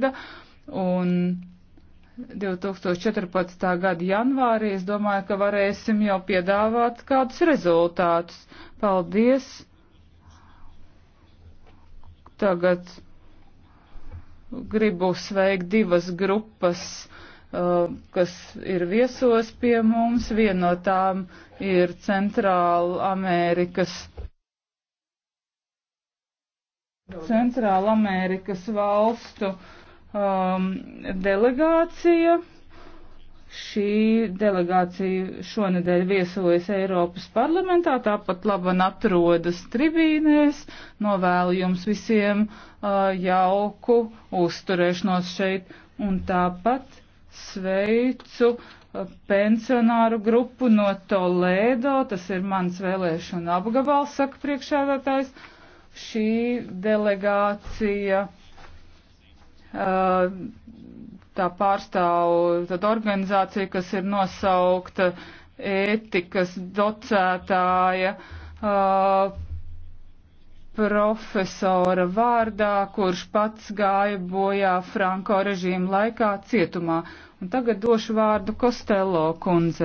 gada, un 2014. gada janvārī es domāju, ka varēsim jau piedāvāt kādus rezultātus. Paldies! Tagad gribu sveikt divas grupas, uh, kas ir viesos pie mums. Viena no tām ir Centrāla Amerikas Centrālamerikas valstu um, delegācija. Šī delegācija šonadēļ viesojas Eiropas parlamentā, tāpat laban atrodas tribīnēs. Novēlu jums visiem uh, jauku uzturēšanos šeit un tāpat sveicu uh, pensionāru grupu no Toledo, tas ir mans vēlēšana apgabals, saka priekšēdātājs. Šī delegācija Eh, tā pārstāv tad organizācija, kas ir nosaukta ētikas docētāja eh, profesora vārdā, kurš pats gāja bojā Franko režīmu laikā cietumā. Un tagad došu vārdu Kostelo kundze.